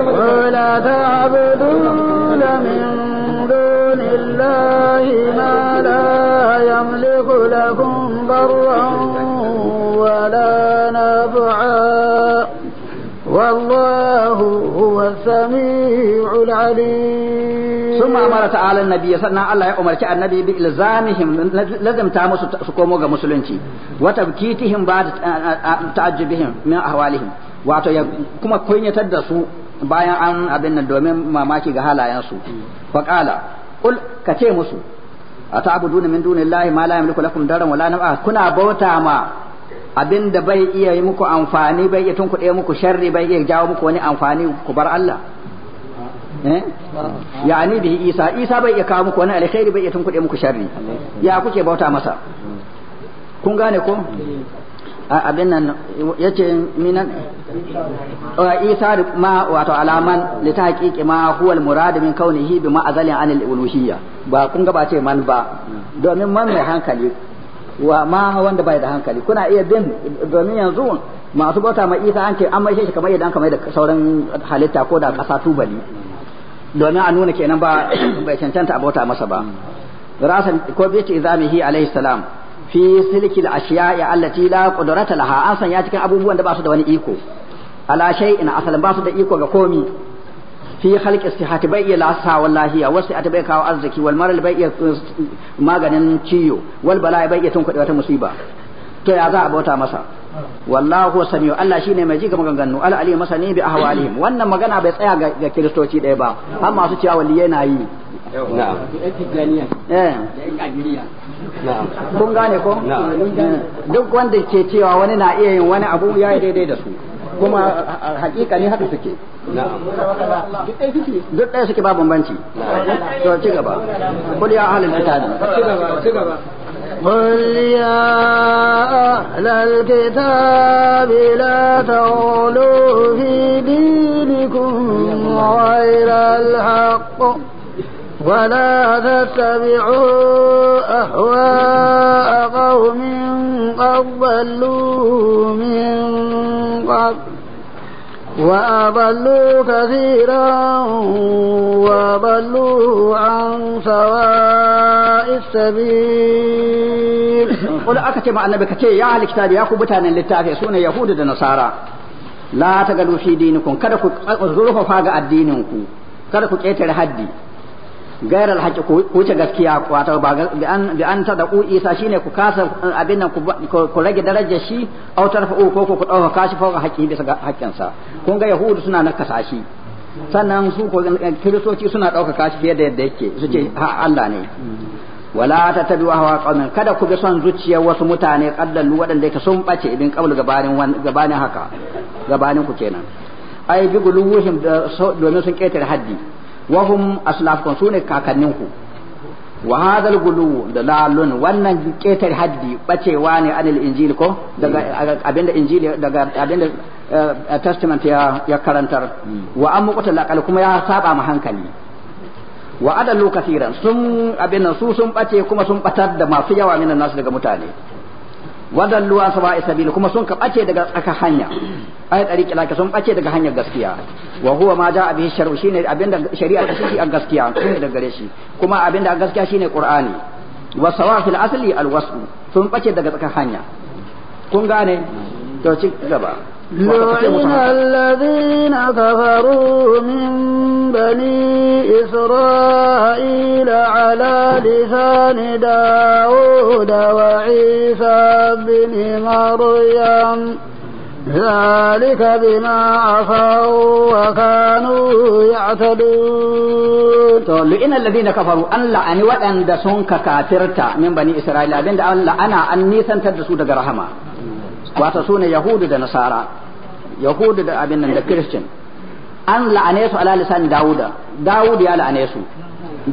ولا تعبدون من دون الله ما لا يملك لكم ضرا ولا نفعا والله هو السميع العليم ثم امر تعالى النبي صلى الله عليه وسلم النبي بالزامهم لازم تامس سكومو ga musulunci wa tabkitihim ba'da ta'ajjubihim min ahwalihim wato kuma kunyatar da su bayan an abin nan domin mamaki ga halayensu fa qala qul ka ce musu atabuduna min dunillahi ma la yamliku lakum darran wala naf'a kuna bauta ma abinda bai iya yi muku amfani bai iya tunkuɗe muku sharri bai iya jawo muku wani amfani ku bar Allah eh? yani bihi isa isa bai iya kawo muku wani alkhairi bai iya tunkuɗe muku sharri ya kuke bauta masa kun gane ko abin nan yace minan isa ma wato alaman li taqiqi ma huwa al-murad min kaunihi bi ma'azalin anil uluhiyya ba kun ga ba ce man ba domin man mai hankali wa ma wanda bai da hankali kuna iya bin domin yanzu masu bauta ma isa an ce an mai shi kamar yadda kamar da sauran halitta ko da kasa tubali domin a nuna kenan ba bai cancanta a bauta masa ba rasan ko bi ce izamihi alaihi salam fi silkil ashiya'i allati la qudrata laha an sanya cikin abubuwan da ba su da wani iko ala shay'in asalan ba su da iko ga komi fi khalqi sihati bai iya lasa wallahi wa a bai kawo arziki wal maral bai iya uh, maganin ciyo wal bala'i bai iya tunkuɗe wata musiba to ya za a bauta masa wallahu samiu Allah shine mai ji ga maganganu al ali masani bi ahwalihim wannan magana bai tsaya ga kiristoci ɗaya ba har masu cewa waliyai na yi na'am eh. na'am kun gane ko eh. duk wanda ke cewa wani na iya yin wani abu ya yi daidai da su kuma hakika ne haka suke duk ɗaya suke ba bambanci to ci gaba kul ya ahlul kitabi ci gaba قل يا أهل الكتاب لا تغلوا في دينكم غير الحق ولا تتبعوا أهواء قوم قد ضلوا من قبل وأضلوا كثيرا وأضلوا عن سواء السبيل قل أكتب على بكتي يا أهل الكتاب يا كبتان للتافي سنة يهود النصارى لا تقلوا في دينكم كذا كذلوا فاق الدينكم كذا كتيتر هدي gairar haƙƙi ku wuce gaskiya wato ba bi an ta da ku isa shine ku kasa abin nan ku rage darajar shi au tarfa'u ko ku ɗauka kashi fauka haƙƙi bisa ga sa kun ga yahudu suna nakasa shi sannan su ko kiristoci suna ɗauka kashi fiye da yadda yake su ce ha Allah ne wala ta tabi wa hawa qaumin kada ku bi son zuciyar wasu mutane kallallu waɗanda yake sun bace idan kabul gabanin gabanin haka gabanin ku kenan ai bi guluhum domin sun ketare haddi wa hum aslafukum sune kakanninku wa hadha al-gulu dalalun wannan ketar haddi bacewa ne anil injil ko daga abinda injil daga abinda testament ya karantar wa an muqtal kuma ya saba ma hankali wa adallu kaseeran sun abinda su sun bace kuma sun ɓatar da masu yawa minan nasu daga mutane wadallu an sawa'i sabil kuma sun ka bace daga tsaka hanya ay dari kilaka sun ɓace daga hanyar gaskiya wa huwa ma ja'a bihi shar'u shine abinda shari'a ta shi a gaskiya da gare shi kuma abinda a gaskiya shine qur'ani wa sawa fil asli al wasl sun ɓace daga tsaka hanya kun gane to ci gaba لعن الذين كفروا من بني إسرائيل على لسان داود وعيسى بن مريم ذلك بما عصوا وكانوا يعتدون to lu'ina alladhina kafaru an la'ani waɗanda sun ka kafirta min bani isra'ila abinda an la'ana an nisantar da su daga rahama wato suna yahudu da nasara yahudu da abin nan da christian an la'ane su ala lisan dawuda dawud ya la'ane su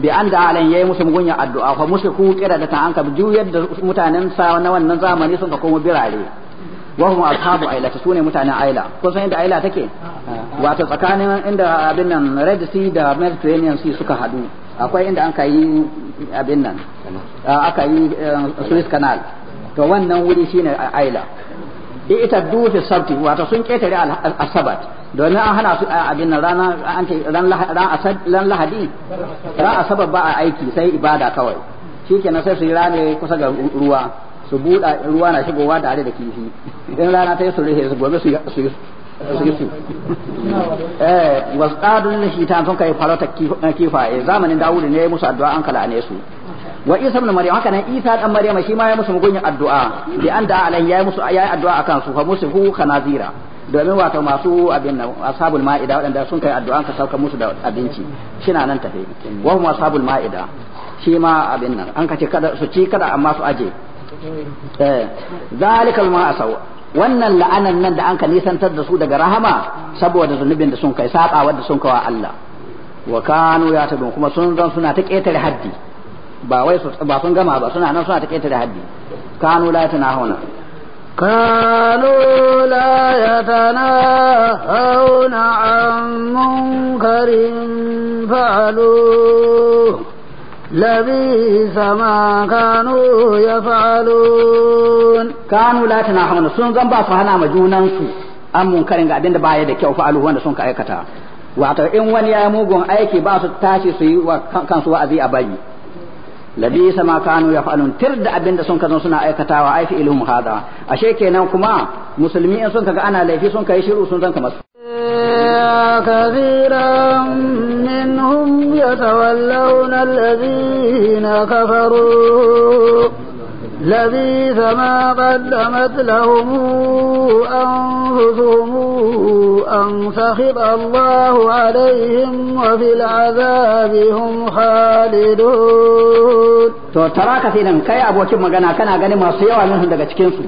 bi an da alan yayi musu mugunya addu'a fa mushriku kira da ta an ka juyar da mutanen sa na wannan zamani sun ka koma birare wa hum ashabu aila su ne mutanen aila ko san inda aila take wato tsakanin inda abin nan red sea da mediterranean sea suka hadu akwai inda an kayi abin nan aka yi eh, suez canal to wannan wuri shine aila ita dufi sabti wato sun ketare asabat domin an hana su abin rana an ce ran lahadi ran asabat ba a aiki sai ibada kawai shikenan sai su yi rane kusa ga ruwa su buɗa ruwa na shigowa tare da kifi in rana ta yi su rihe su gobe su yi su eh wasqadun shi sun kai farauta kifaye zamanin dawudi ne musu addu'a an kala ne su wa isa ibn maryam haka nan isa dan maryam shi ma ya musu mugunyar addu'a bi an da alai ya musu ya addu'a akan su fa musu hu khanazira domin wato masu abin nan ashabul ma'ida wadanda sun kai addu'an ka sauka musu da abinci shina nan tafe wa hum ashabul ma'ida shi ma abin nan an kace kada su ci kada amma su aje eh zalikal ma asaw wannan la'anan nan da an ka nisantar da su daga rahama saboda zunubin da sun kai saba wanda sun kawa Allah wa kanu ya tabun kuma sun zan suna ta ketare haddi ba wai ba sun gama ba suna nan suna take da haddi kanu la tanahuna munkarin fa'alu يتناهون sama kanu ya fa'alun Kanu la يفعلون sun zan ba su hana ma junan su an munkarin ga abin da baya da kyau fa'alu wanda sun ka aikata wato in wani ya mugun aiki ba su tashi su yi wa kansu wa'azi a bayi labisa ma kanu yaf'alun tir da abinda da sun kazo suna aikatawa ai fi'ilhum hada ashe kenan kuma musulmi in sun kaga ana laifi sun kai shiru sun ka masu كثيرا منهم يتولون الذين كفروا لبيث ما قدمت لهم أنفسهم أن سخط الله عليهم وفي العذاب هم خالدون to tara kasiran kai abokin magana kana gani masu yawa minsu daga cikin su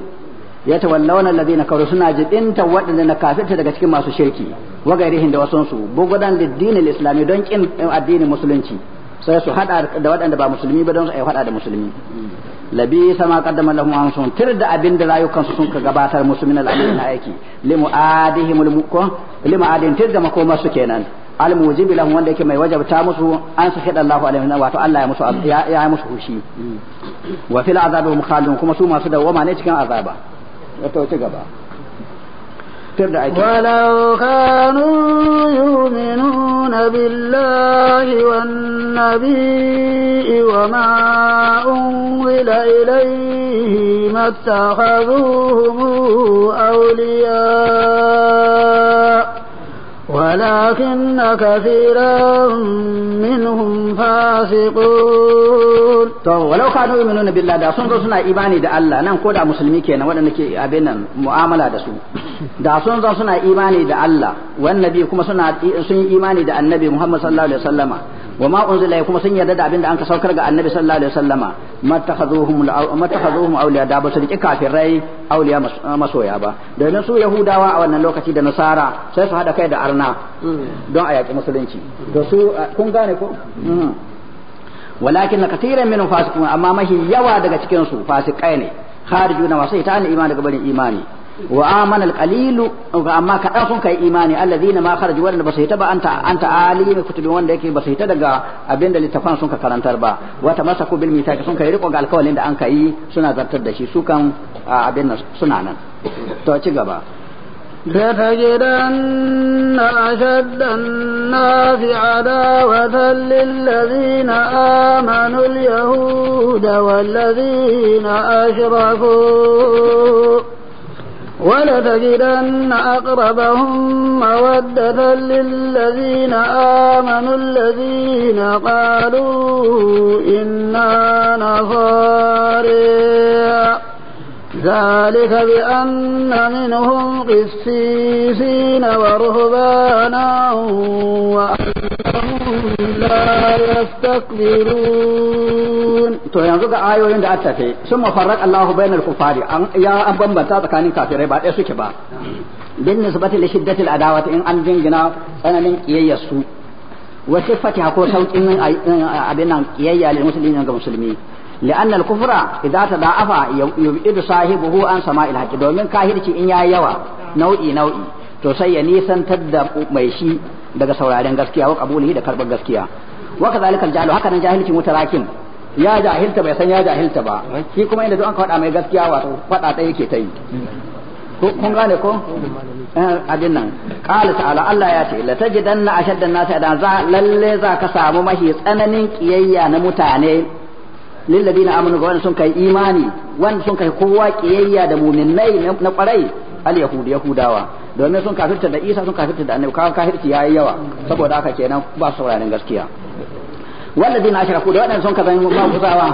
ya tawallawna alladhina kafaru suna jibinta waɗanda na kafirta daga cikin masu shirki wa gairihin da wasun su bugudan liddinil islami don kin addinin musulunci sai su haɗa da waɗanda ba musulmi ba don su ai hada da musulmi labi sama qaddama lahum ansun tir abin da sun ka gabatar musu min aiki limu adihim mulkun limu adin tir makoma su kenan al mujibi lahum wanda yake mai wajabta musu an su hada Allahu alaihi wa wato Allah ya musu ya musu hushi mm. wa fil kuma su masu dawwama ne cikin azaba ci gaba cutar da ake walau kanu yu'minuna billahi wan nabiyyi wa ma unzila ilayhi mattakhadhuhum awliya ولكن كثيرا منهم فاسقون to walau kanu yu'minuna billahi da sun zo suna imani da Allah nan ko da musulmi kenan waɗanda ke abin mu'amala da su da sun suna imani da Allah wan kuma suna sun yi imani da annabi Muhammad sallallahu wa ma kuma sun yarda da abin da an ka ga annabi sallallahu alaihi wasallama mattakhaduhum mattakhaduhum awliya da ba su rike kafirai awliya masoya ba su yahudawa a wannan lokaci da nasara sai su hada kai da arna arna don a yaƙi musulunci to su kun gane ko mm. walakin na kasiran minhum fasiqun amma mahi yawa daga cikin su fasikai ne kharijuna masu ita ne imani daga barin imani wa amana alqalilu wa amma kadan sun kai imani alladhina ma kharaju wanda basu hita ba anta anta alimi kutubi wanda yake basu hita daga abinda littafan sun ka karantar ba wata tamassaku bil mithaq sun kai riko ga alkawalin da an kai suna zartar da shi su kan abin suna nan to ci gaba لتجدن أشد الناس عداوة للذين آمنوا اليهود والذين أشركوا ولتجدن أقربهم مودة للذين آمنوا الذين قالوا إنا نصاري ذلك بأن منهم قسيسين ورهبانا وأنهم لا يستكبرون to yanzu ga ayoyin da aka tafi sun mafarrak Allah bainal kufari ya an bambanta tsakanin kafirai ba ɗaya suke ba bin nisbati li shiddatil adawati in an jingina tsananin kiyayyar su wa sifatiha ko sauƙin eh, eh, abin nan kiyayya musulmi لأن الكفر إذا تضاعف يبعد صاحبه عن سماء الحق domin kahirci in yayi yawa nau'i nau'i to sai ya da mai shi daga sauraren gaskiya wa kabulihi da karbar gaskiya wa kadhalika al haka nan jahilci mutarakin ya jahilta bai san ya jahilta ba shi kuma inda duk an faɗa mai gaskiya wato faɗa ta ta yi kun gane ko abin nan qala ta'ala Allah ya ce la na ashaddan nasi adan za lalle za ka samu mahi tsananin kiyayya na mutane lilladina amanu ga wanda sun kai imani wanda sun kai kowa kiyayya da muminai na kwarai al yahudu yahudawa domin sun kafirta da isa sun kafirta da annabi kawo kafirci yayi yawa saboda haka kenan ba su sauraron gaskiya walladina ashraku da wadannan sun kazan maguzawa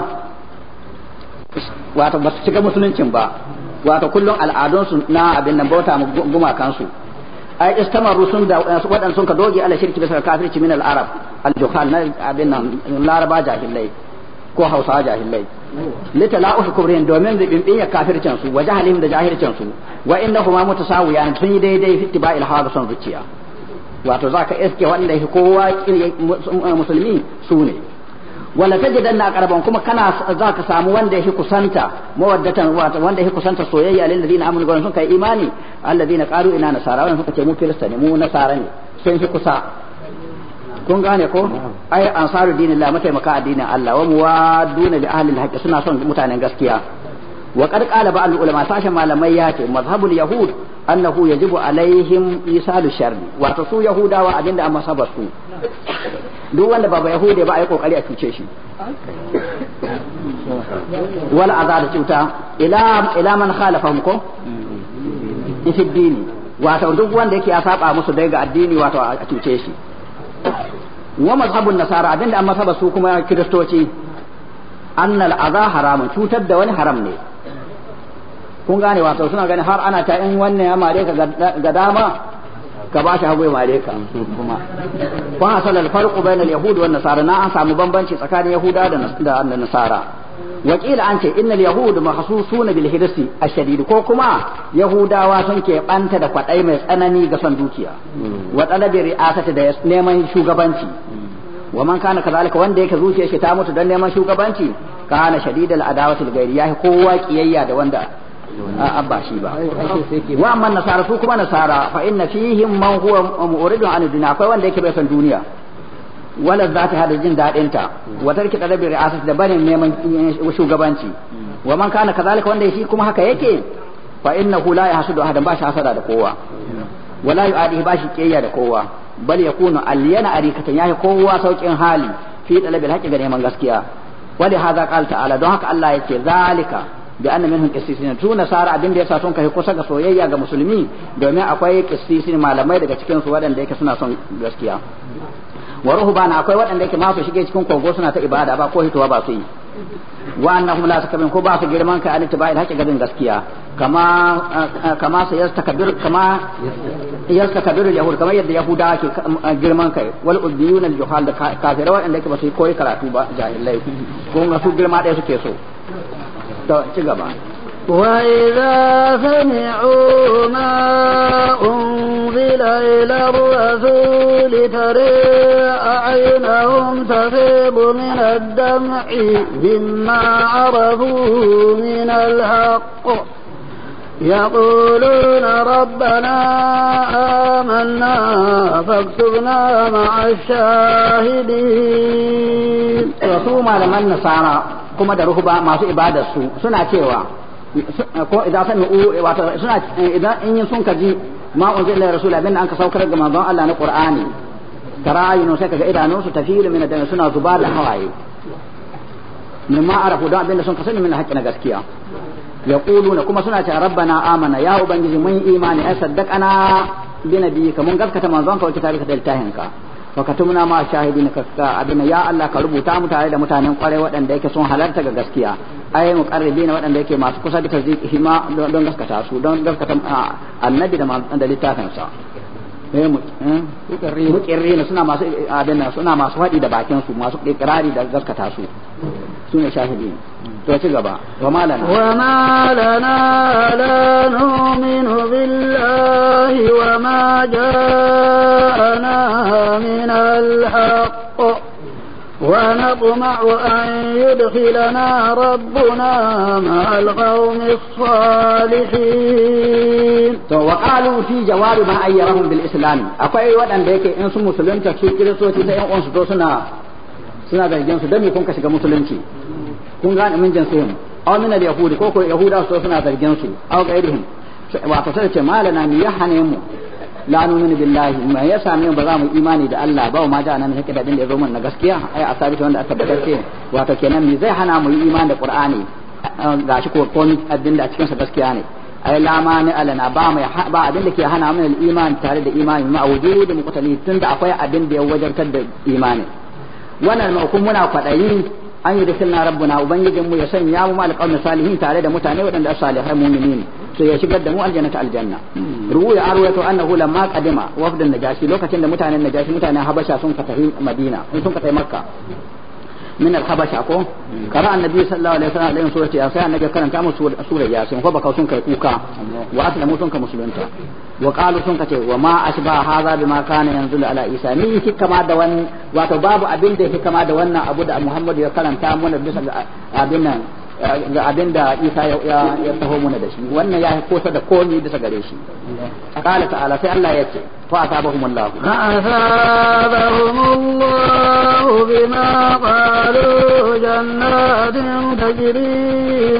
wato ba su shiga musuluncin ba wato kullum al'adunsu na abin nan bauta gumakansu ai istamaru sun da waɗanda sun ka doge ala shirki bisa kafirci min al-arab al-juhal na abin nan laraba jahilai ko Hausa jahilai litala'u kubrin domin zibin ya kafircin su wa jahalihim da jahilcin su wa innahuma mutasawiyan sun yi daidai fi tiba'il hawa son zuciya wato za ka iske wanda yake kowa musulmi su ne wala na aqraban kuma kana za ka samu wanda yake kusanta mawaddatan wanda yake kusanta soyayya lil ladina amanu gurin sun kai imani alladina qalu inna nasara wannan suka ce mu kirista ne mu nasara ne sun fi kusa kun gane ko ai ansaru dinillah mataimaka addinin Allah wa muwaduna li ahli al suna son mutanen gaskiya wa qad qala ba'd ulama sashen malamai ya ce mazhabul yahud annahu yajibu alaihim isalu sharri wato su yahudawa abinda an masaba duk wanda ba ba yahude ba ai kokari a cuce shi wal azab cuta ila ila man khalafahum ko fi dini wato duk wanda yake ya saba musu dai ga addini wato a cuce shi wa mazhabun nasara abinda an masaba su kuma kiristoci annal aza haramun cutar da wani haram ne kun gane wato suna gani har ana ta in wannan ya mare ka ga dama ka ba shi hagu ya mare ka kuma fa hasal al farqu bayna al yahud wan nasara na an samu bambanci tsakanin yahuda da da nasara wakila an ce innal yahud mahsusuna bil hirsi ashadid ko kuma yahudawa sun ke banta da kwadai mai tsanani ga son dukiya hmm. wa talabi ri'asati da neman shugabanci wa man kana kazalika wanda yake zuciyar shi ta mutu don neman shugabanci kana shadidal adawati kowa kiyayya da wanda abba shi ba wa amma nasara su kuma nasara fa inna fihim man huwa mu'ridun an dunya akwai wanda yake bai san duniya wala hada jin dadin ta wa tarki dalabi ri'asat da barin neman eh, shugabanci wa man kana kazalika wanda shi kuma haka yake fa innahu la yahsudu ba shi hasada da kowa wala da kowa bal ya kuna a alyana arikatan yi kowa saukin hali fi talabil haqqi ga neman gaskiya wali haza qala ta'ala don haka Allah yake zalika bi anna minhum qissisin tu nasara abin da yasa sun kai kusa ga soyayya ga musulmi domin akwai qissisin malamai daga cikin su waɗanda yake suna son gaskiya wa ruhbana akwai waɗanda yake ma su shige cikin kogo suna ta ibada ba ko hitowa ba su yi wa annahum la takbirun ko ba su girman kai an tibai haƙi gadin gaskiya kama eh, kama sai yastakbir kama yastakbir yahud kama yadda yahuda ke eh, girman kai wal udiyun al juhal da kafirai wanda yake ba su koyi karatu ba jahilai ko su girma ɗaya suke so to ci gaba وإذا سمعوا ما أنزل إلى الرسول ترى أعينهم تفيض من الدمع مما عرفوا من الحق يقولون ربنا آمنا فاكتبنا مع الشاهدين su malaman nasara kuma da ruhuba masu ibadar su suna cewa ko idan u wato suna idan in sun kaji ma unzila rasul abin an ka saukar ga manzon Allah na Qur'ani tarayinu sai kaga idanun su tafilu min da suna zuba da hawaye min ma arafu don abin da sun kasani min haƙƙi na gaskiya yaquluna kuma suna ce rabbana amana ya ubangiji mun imani ai saddaqana bi nabiyika mun gaskata manzon ka wace tarika da littafin ka fa katumna ma shahidin ka abin ya Allah ka rubuta mu tare da mutanen kware waɗanda yake sun halarta ga gaskiya ai muqarribina waɗanda yake masu kusa da tazdiqihi hima don gaskata su don gaskata annabi da da littafin sa eh, eh muqarribina suna masu abin suna masu faɗi da bakin su masu ikrari da gaskata su sune shahidi to ci gaba wa ma lana wa ma lana la nu'minu billahi wa ma ja'ana min al-haqq ونطمع أن يدخلنا ربنا مع القوم الصالحين to wa qalu fi jawabi ma ayyarahum bil islam akwai waɗanda yake in su musulunta su kiristoci da yan to suna zargin su dami kun ka shiga musulunci kun gane min jinsihim aw min al yahudi ko ko yahuda su suna zargin su aw gairihim wato sai ce malana mi yahane mu la nu'minu billahi ma ya same ba za mu imani da Allah ba ma da nan hakika da ya zo mun na gaskiya ai a sabita wanda aka tabbatacce wato kenan me zai hana mu yi imani da Qur'ani gashi ko kon addin da a cikin sa gaskiya ne ai la ma alana ba mai ba abin da ke hana mu iman tare da imani ma wujudi muqtali tunda akwai abin da ya wajartar da imani wannan ma kun muna kwadayi an yi da sunna rabbuna ubangijinmu ya sanya mu ma alqawmi salihin tare da mutane waɗanda salihai mu'minin to ya shigar da mu aljanna ta aljanna ruwa ya aro ya to annahu lamma qadima wafdan najashi lokacin da mutanen najashi mutanen habasha sun fatahi madina in sun fatahi makka min al-habasha ko kara annabi sallallahu alaihi wasallam alayhi surati yasin annabi karanta mu sura yasin ko baka sun kai kuka wa aslamu sun kai musulunta wa qalu sun kace wa ma ashba hadha bima kana yanzu ala isa ni yake kama da wani wato babu abin da yake kama da wannan abu da muhammadu ya karanta mu annabi sallallahu ga abin da isa ya taho muna da shi wannan ya kosa da komi bisa gare shi qala ta'ala sai Allah ya ce fa asabahum Allah fa asabahum Allah bima qalu jannatin tajri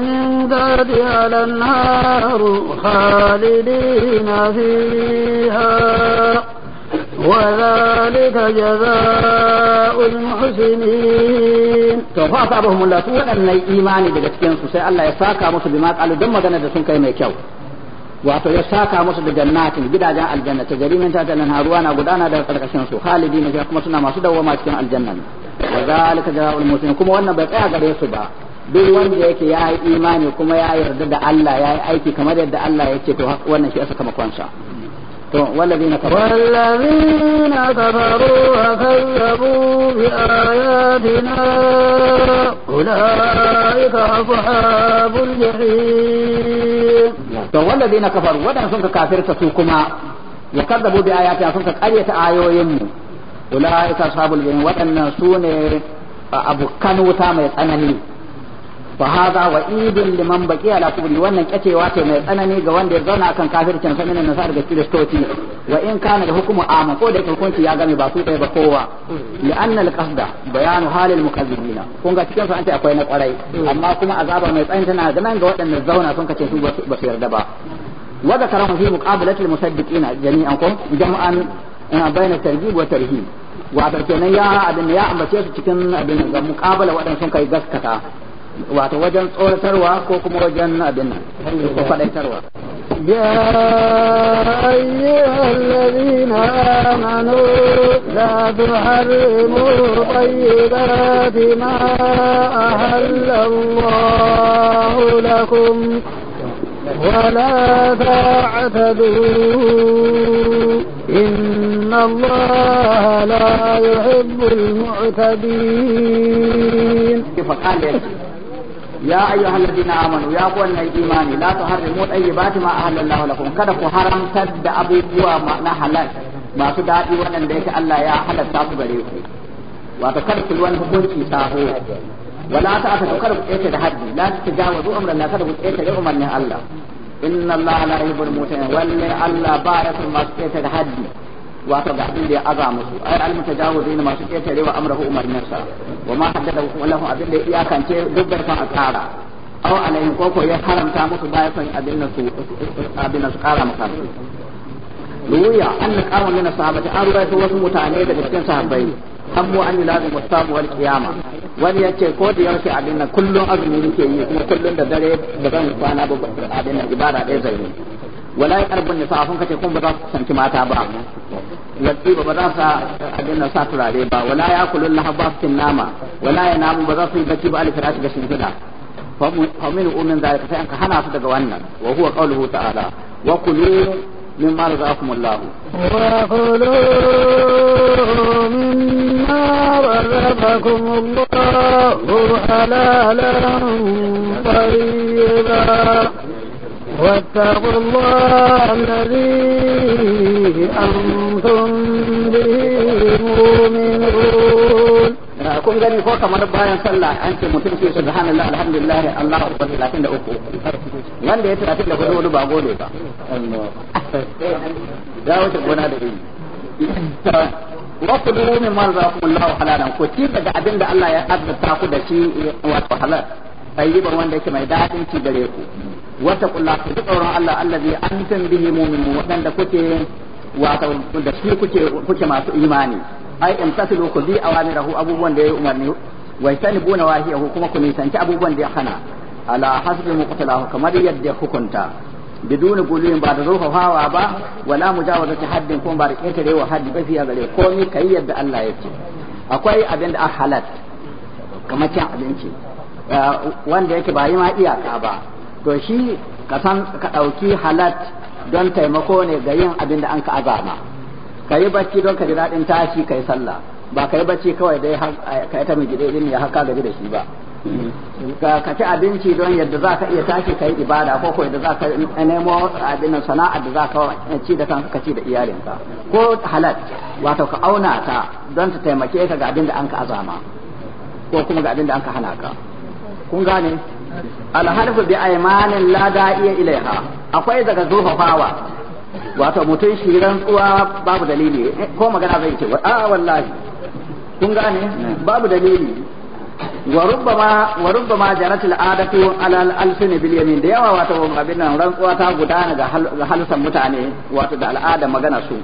min tahtiha al-anhar khalidina fiha وذلك جزاء المحسنين to fa ta la su imani daga cikin su sai Allah ya saka musu bima qalu dan magana da sun kai mai kyau wato ya saka musu da jannatin gidajen aljanna ta gari min ta nan ruwa na gudana daga karkashin su khalidin ya kuma suna masu dawwama cikin aljanna wa zalika jazaa'ul muhsinin kuma wannan bai tsaya gare su ba duk wanda yake ya yi imani kuma ya yarda da Allah ya yi aiki kamar yadda Allah ya ce to wannan shi asa kama kwansa والذين كفروا والذين كفروا وكذبوا بآياتنا أولئك أصحاب الجحيم والذين كفروا ودن سنك كافر تسوكما وكذبوا بآياتنا سنك أية آية أولئك أصحاب الجحيم ودن سوني أبو كانوا تامي أنني fa hadha wa idin liman baqiya ala kubri wannan kacewa ce mai tsanani ga wanda ya zauna kan kafircin sa minan nasar da kiristoci wa in kana da hukumu amma ko da hukunci ya game ba su kai ba kowa li anna al qasda bayanu halil mukazzibina kun ga cikin an ce akwai na kwarai amma kuma azaba mai tsanani tana ga nan ga waɗanda zauna sun kace su ba su yarda ba wa zakarahu fi muqabalati al musaddiqina jami'an kum jama'an bayna targhib wa tarhib wato kenan ya abin ya ambace su cikin abin ga muqabala waɗanda sun kai gaskata wato wajen tsoratarwa ko kuma wajen abin ko faɗaitarwa يا أيها الذين آمنوا لا تحرموا طيبات ما أحل الله لكم ولا تعتدوا إن الله لا يحب المعتدين يا أيها الذين آمنوا يا قوانا الإيمان لا تحرموا طيبات ما أهل الله لكم كده فحرم سد أبو بوا ما نحلت ما تدعي وانا ديك ألا يا أهل التاسو بريوكي وتكرت كل وانا بوكي ساهو ولا تأثنوا كرب إيسا دهدي لا تتجاوزوا أمر الناس كرب إيسا لأمر الله إن الله لا يبر موتين ولي ألا بارك المسكي تدهدي wato ga abin da ya aza musu ai al mutajawizina masu ketare wa amrahu sa wa ma haddada lahu abin da ya iyakance duk bai fa a aw alayhi ko ko ya haramta musu baya son abin da su abin da su kara maka ruya an qawlan min sahabati an ruwaito wasu mutane daga cikin sahabbai hammu an lazu mustabu wal qiyama wani yace ko da yake abin nan kullun azumi nake yi kuma kullun da dare da zan kwana ba abin nan ibada dai zai yi ولا يقربون النساء فانك تكون بضاف سنتمات ابا يطيب بضاف ادنا ساتر عليه ولا ياكل الا حباب النامة ولا ينام بضاف بكي بالي فراس بشي كده فمن من ذلك فانك حنا فدك وانا وهو قوله تعالى وكلوا مما رزقكم الله وكلوا مما رزقكم الله حلالا طيبا واتقوا الله الذي أنتم به مؤمنون kun gani ko kamar bayan sallah an ce mutum ke subhanallah alhamdulillah Allah akbar 33 wanda ya 34 wani ba gode ba za wuce gona da iri wasu duru min man za ku Allah halalan ko ci daga abin da Allah ya azurta ku da shi wato halal tayyiban wanda yake mai dadin ci gare ku wata kula duk ji tsoron Allah Allah zai an san bihi mu mu wadanda kuke wato da shi kuke masu imani ai in ku bi awani rahu abubuwan da ya kuma ku nisanci abubuwan da ya hana ala hasbi mu kamar yadda hukunta bidon gulin ba da ruha ba wala mujawazati haddin kuma bari ita rewa haddi ba fiya gare ko ni kai akwai abin da ahalat kamar eh, yake ba yi ma iyaka ba to shi ka san ka ɗauki halat don taimako ne ga yin abin da an ka azama ka yi bacci don ka ji daɗin tashi kai sallah ba ka yi bacci kawai dai ka yi ta mai gidaɗin ya haka gaji da shi ba ka ci abinci don yadda za ka iya tashi ka ibada ko ko yadda za ka nemo abin sana'a da za ka ci da kanka ka ci da iyalinka ko halat wato ka auna ta don ta taimake ka ga abin da an ka azama ko kuma ga abin da an ka hana ka kun gane alharfu bi aymanin la da'iya ilaiha akwai daga zurfafawa wato mutum shi tsuwa babu dalili ko magana zai ce a wallahi kun gane babu dalili wa rubbama wa rubbama jarat al'adatu ala al-alfin bil yamin da yawa wato abin nan rantsuwa ta gudana ga halusan mutane wato da al'ada magana su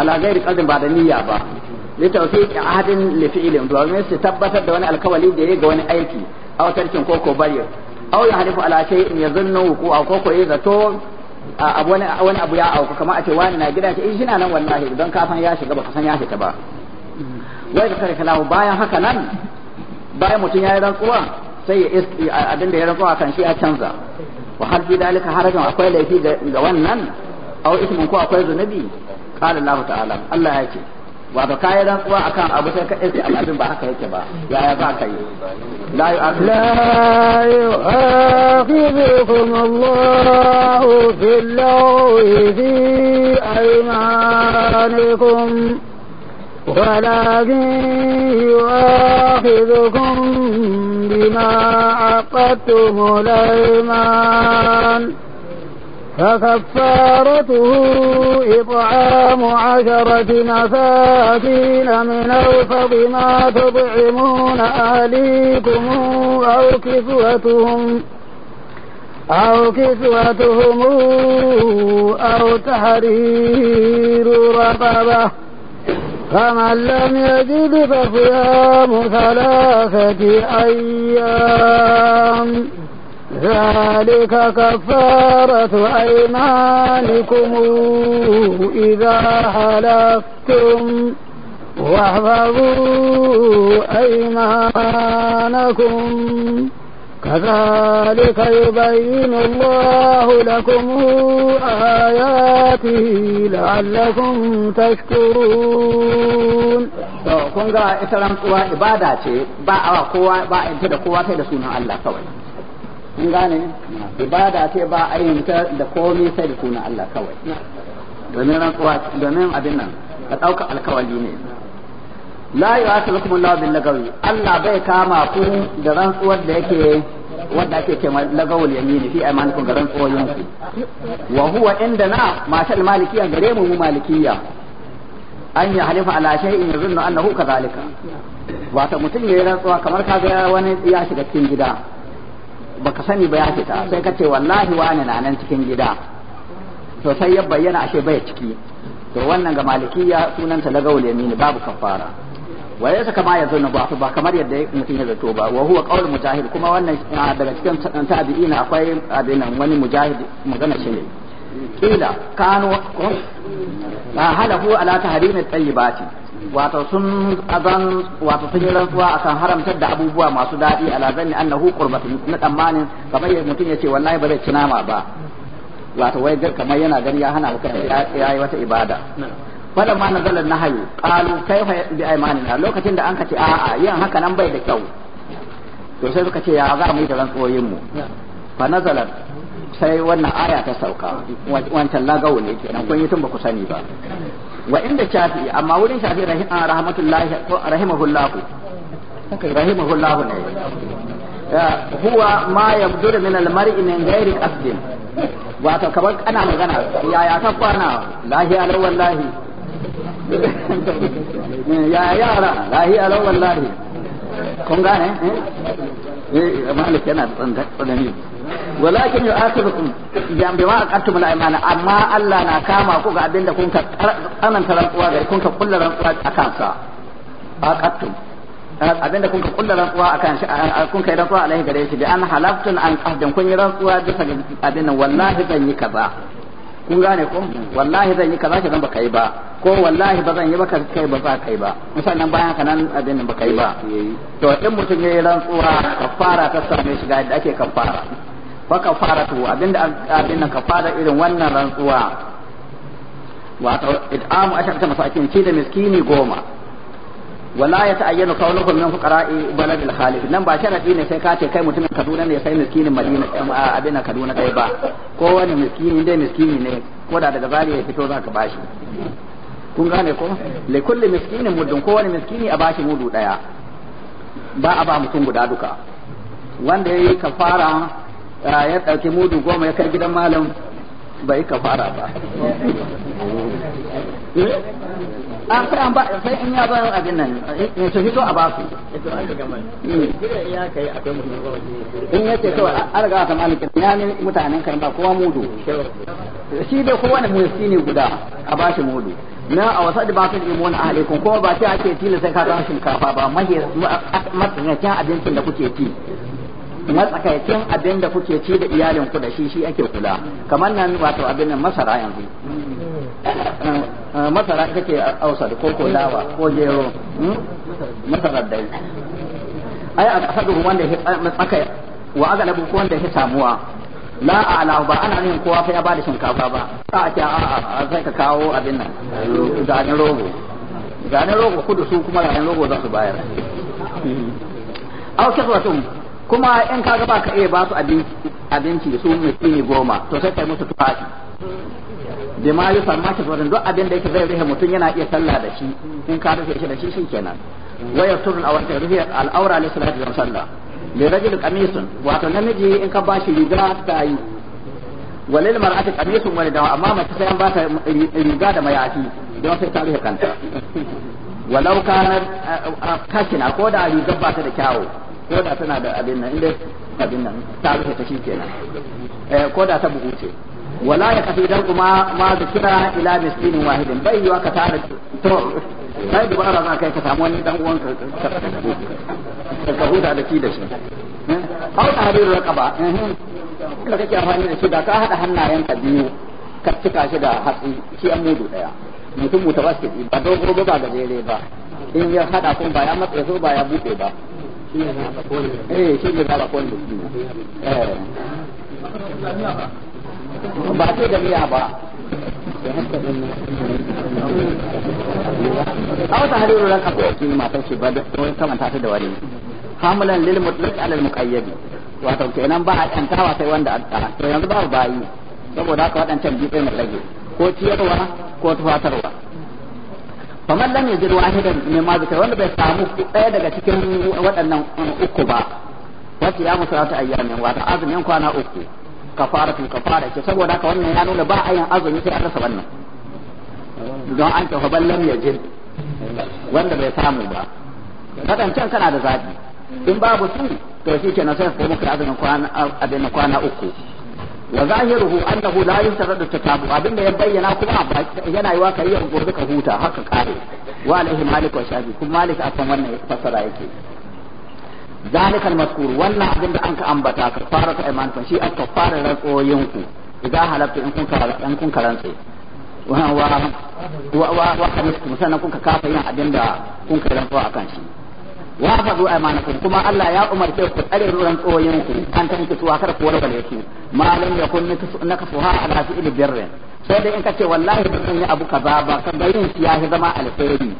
ala ghairi qadin ba da niyya ba li tawfiq ahadin li fi'lin domin su tabbatar da wani alkawali da yayi ga wani aiki aw tarkin koko bari aw ya halifu ala in yazunnu ko aw koko yayi zato abu wani abu ya auku kamar a ce wani na gida ce eh, shi na nan wallahi don ka san ya shiga ba ka san ya shiga ba wai zakar kalahu bayan haka nan bayan mutum ya yi rantsuwa sai ya abin da ya rantsuwa kan shi ya canza wa har bi dalika harajan akwai laifi ga wannan aw ismun ko akwai zunubi qala Allah ta'ala Allah ya ce wato kayan rantsuwa akan abu sai ka iske al'adun ba haka yake ba yaya za ka yi la yu'akhidhukum Allahu fil lawi fi aymanikum ولكن يؤاخذكم بما عقدتم الأيمان فكفارته إطعام عشرة مساكين من أوسط ما تطعمون أهليكم أو كسوتهم أو كسوتهم أو تحرير رقبة فمن لم يجد فصيام ثلاثة أيام ذلك كفارة أيمانكم إذا حلفتم واحفظوا أيمانكم كذلك يبين الله لكم آياته لعلكم تشكرون kun ga ita rantsuwa ibada ce ba a kowa ba a da kowa sai da sunan Allah kawai kun gane ibada ce ba a yin ta da komai sai da kuna Allah kawai domin rantsuwa domin abin nan ka ɗauka alkawali ne la yu'akhidhukum Allah bil lagawi Allah bai kama ku da rantsuwar da yake wanda ake ce lagawul yamini fi aymanikum ga rantsuwoyin ku wa huwa indana ma shal malikiyya gare mu malikiyya an ya halifa ala shay'in yuzunnu annahu kadhalika wato mutum yi rantsuwa kamar kaga wani ya shiga cikin gida baka sani ba ya fita sai ka ce wallahi wani na nan cikin gida to sai ya bayyana ashe bai ciki to wannan ga malikiya sunan ta lagawul yamin babu kafara wa yasa kama ya na ba ba kamar yadda mutum ya zato ba wa huwa qaul mujahid kuma wannan ah, daga cikin tabi'ina akwai abin wani mujahid magana shi ne kila kano halahu ala tahrimin tayyibati wato sun azan wato sun yi rantsuwa akan haramtar da abubuwa masu daɗi ala zanni annahu qurbatun na tsammanin kamar yadda mutum yace wallahi ba zai ci nama ba wato wai kamar yana gani ya hana ya yayi wata ibada falan ma nazalar nahayu qalu kaifa bi aymanina lokacin da an ka ce a'a yin haka nan bai da kyau to sai suka ce ya za mu yi da rantsuwoyin mu fa nazalat sai wannan aya ta sauka wancan lagawo ne kenan kun yi tun ba ku sani ba wa inda shafi amma wurin shafi ah, rahmatullahi rahimahullah rahimahullahu ne huwa ma yabdur min al-mar'i min ghairi qasdin wato kamar kana magana yaya ta kwana lahiya law wallahi ya yara lahiya law wallahi kun gane eh? malik yana da tsanani walakin yu'akibukum jam bima aqattum al-ayman amma Allah na kama ku ga abinda kun ka tsananta rantsuwa ga kun ka kullar rantsuwa akan sa aqattum abinda kun ka rantsuwa akan shi an halaftun an qahdin kun yi rantsuwa bisa abin nan wallahi ban yi kaza kun gane ko wallahi zan yi kaza ki zan baka yi ba ko wallahi ba zan yi baka kai ba za kai ba musannan bayan ka nan abin baka yi ba to in mutum yi rantsuwa kafara ta same shi ga yadda ake kafara fa kafaratu abinda abin nan kafara irin wannan rantsuwa wato id'amu ta masakin ci da miskini goma wala ya ta'ayyana qawluhum min fuqara'i balad al khalif nan ba sharadi ne sai ka ce kai mutumin Kaduna ne sai miskinin Madina um, abin Kaduna kai ba ko wani miskini dai miskini ne ko da daga zari ya fito zaka bashi kun gane ko le kulli miskinin muddun ko wani miskini a bashi mudu daya ba a ba mutum guda duka wanda yayi kafara ya dauki mudu goma ya kai gidan malam bai kafara ba eh? an sai an ba sai in ya zan abin nan ya su fito a basu in ya ce kawai an riga ta maliki ya ne mutanen kan ba kowa mudu shi da kowane musi ne guda a ba shi mudu na a wasa da basu da imon ahalikum kuma ba ce ake tila sai ka zama shinkafa ba matsakaicin abincin da kuke ci matsakaicin abin da kuke ci da iyalinku da shi shi ake kula kamar nan wato abin nan masara yanzu Eh, eh, masara ita ce ausar ko ko dawa ko gero hmm? masara dai ai a kasar wanda ya tsaka eh, wa agalabu ko wanda ya samuwa la ala ba ana yin kowa fa ya bada shinkafa ba ka a ce a sai ka kawo abin nan ganin rogo ganin rogo kudu su kuma ganin rogo za su bayar au kasratun kuma in ka ba ka iya ba su abinci su mutum goma to sai kai musu tufafi bi ma yusa ma ta fadan duk abin da yake zai rufe mutum yana iya sallah da shi in ka rufe shi da shi shi kenan. wa yafturun a ta rufe al'aura li salati wa sallah li rajul qamisun wato namiji in ka bashi riga ta yi wa lil mar'ati qamisun wani da amma mace sai an ba ta riga da mayafi don sai ta rufe kanta walau kana kashina ko da riga ba ta da kyawu ko da tana da abin nan inda abin nan ta rufe ta shi kenan eh, ko da ta bugu ce wala ya kafi dan kuma ma zikira ila miskinin wahidin bai yiwa ka tare to sai da bara za kai ka samu wani dan uwan ka ka huta da shi da shi hau eh? da ta hadiru raqaba eh, da kake amfani da shi da ka haɗa hannayen ka biyu ka cika shi da hatsi shi an mudu ɗaya. mutum mutawaskil ba dogo ba ba gajere ba in ya haɗa kun ba ya matsa so ba ya buɗe ba eh shi ne ba ba kullu eh ba ce da miya ba a wata hariru ran abu yake matar ce ba don kamanta ta da wani hamulan lil mutlaq ala al muqayyadi wato kenan ba a tantawa sai wanda a to yanzu ba bayi saboda haka wadancan biyu sai rage ko ciyarwa ko tufatarwa faman lam yajid wahidan min ma zikra wanda bai samu daya daga cikin waɗannan uku ba wasu ya musu ta ayyamin wato azumin kwana uku kafaratun kafara ce saboda ka wannan ya nuna ba a yin azumi sai an rasa wannan don an tafi ballan ya jin wanda bai samu ba kadancan kana da zaɓi in babu su to shi na sai ko muka azumin kwana abin kwana uku wa zahiruhu annahu la yustaradu tatabu abin da ya bayyana kuma yana yi wa kai gobe ka huta haka kare wa alaihi malik wa shafi kuma malik akan wannan fasara yake zalikal maskur wannan abin da an ka ambata ka fara ta imanku shi aka fara rantsoyin ku idan halafta in kun karanta in kun karanta wa wa wa wa kun ka kafa yin abin da kun ka rantsuwa akan shi wa kuma Allah ya umarce ku tsare rantsoyin ku an tanke suwa kar ku warware su malam yakun nakasuha ala fi'li birrin sai dai in ka ce wallahi ba zan yi abu kaza ba ka ga yin siya ya zama alkhairi